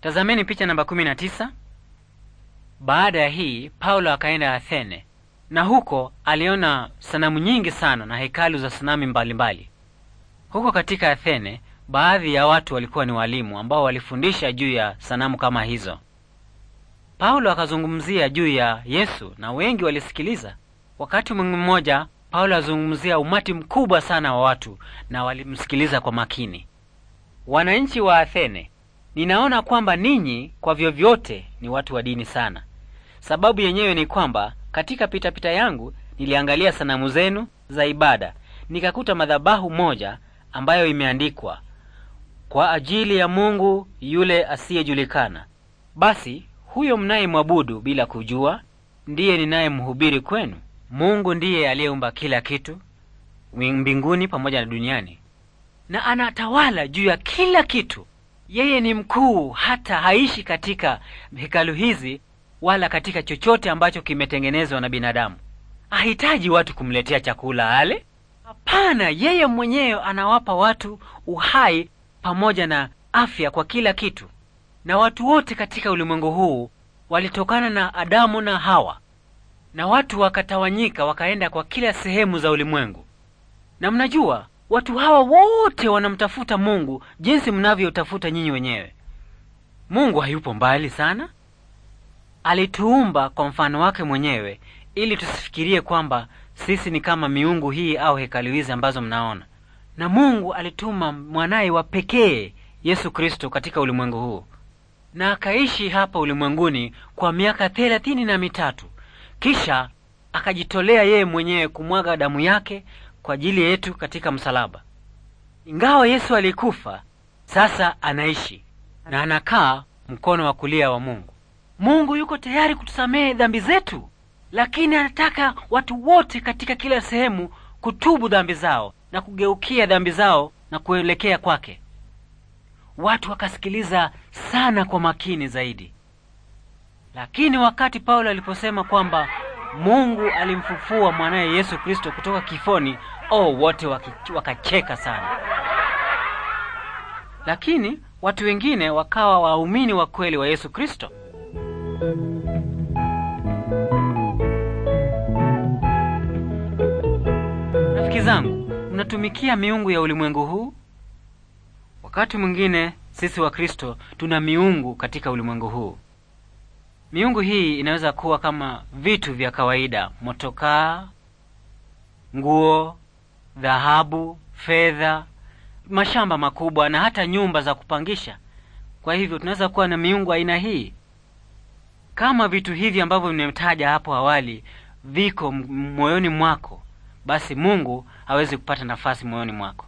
Tazameni picha namba tisa. Baada ya hii Paulo akaenda Athene, na huko aliona sanamu nyingi sana na hekalu za sanamu mbalimbali. Huko katika Athene, baadhi ya watu walikuwa ni walimu ambao walifundisha juu ya sanamu kama hizo. Paulo akazungumzia juu ya Yesu na wengi walisikiliza. Wakati mmoja Paulo azungumzia umati mkubwa sana wa watu na walimsikiliza kwa makini. Wananchi wa Athene Ninaona kwamba ninyi kwa vyovyote ni watu wa dini sana. Sababu yenyewe ni kwamba katika pitapita pita yangu niliangalia sanamu zenu za ibada, nikakuta madhabahu moja ambayo imeandikwa kwa ajili ya Mungu yule asiyejulikana. Basi huyo mnayemwabudu bila kujua ndiye ninayemhubiri kwenu. Mungu ndiye aliyeumba kila kitu mbinguni pamoja na duniani, na anatawala juu ya kila kitu. Yeye ni mkuu, hata haishi katika hekalu hizi wala katika chochote ambacho kimetengenezwa na binadamu. Hahitaji watu kumletea chakula ale. Hapana, yeye mwenyewe anawapa watu uhai pamoja na afya kwa kila kitu. Na watu wote katika ulimwengu huu walitokana na Adamu na Hawa, na watu wakatawanyika wakaenda kwa kila sehemu za ulimwengu. Na mnajua Watu hawa wote wanamtafuta Mungu jinsi mnavyotafuta nyinyi wenyewe. Mungu hayupo mbali sana. Alituumba kwa mfano wake mwenyewe ili tusifikirie kwamba sisi ni kama miungu hii au hekalu hizi ambazo mnaona. Na Mungu alituma mwanaye wa pekee Yesu Kristo katika ulimwengu huu, na akaishi hapa ulimwenguni kwa miaka thelathini na mitatu, kisha akajitolea yeye mwenyewe kumwaga damu yake kwa ajili yetu katika msalaba. Ingawa Yesu alikufa, sasa anaishi na anakaa mkono wa kulia wa Mungu. Mungu yuko tayari kutusamehe dhambi zetu, lakini anataka watu wote katika kila sehemu kutubu dhambi zao na kugeukia dhambi zao na kuelekea kwake. Watu wakasikiliza sana kwa makini zaidi, lakini wakati Paulo aliposema kwamba Mungu alimfufua mwanaye Yesu Kristo kutoka kifoni, oh, wote wakacheka sana. Lakini watu wengine wakawa waumini wa kweli wa Yesu Kristo. Rafiki zangu, mnatumikia miungu ya ulimwengu huu? Wakati mwingine sisi wa kristo tuna miungu katika ulimwengu huu. Miungu hii inaweza kuwa kama vitu vya kawaida: motokaa, nguo, dhahabu, fedha, mashamba makubwa na hata nyumba za kupangisha. Kwa hivyo tunaweza kuwa na miungu aina hii. Kama vitu hivi ambavyo nimetaja hapo awali viko moyoni mwako, basi Mungu hawezi kupata nafasi moyoni mwako.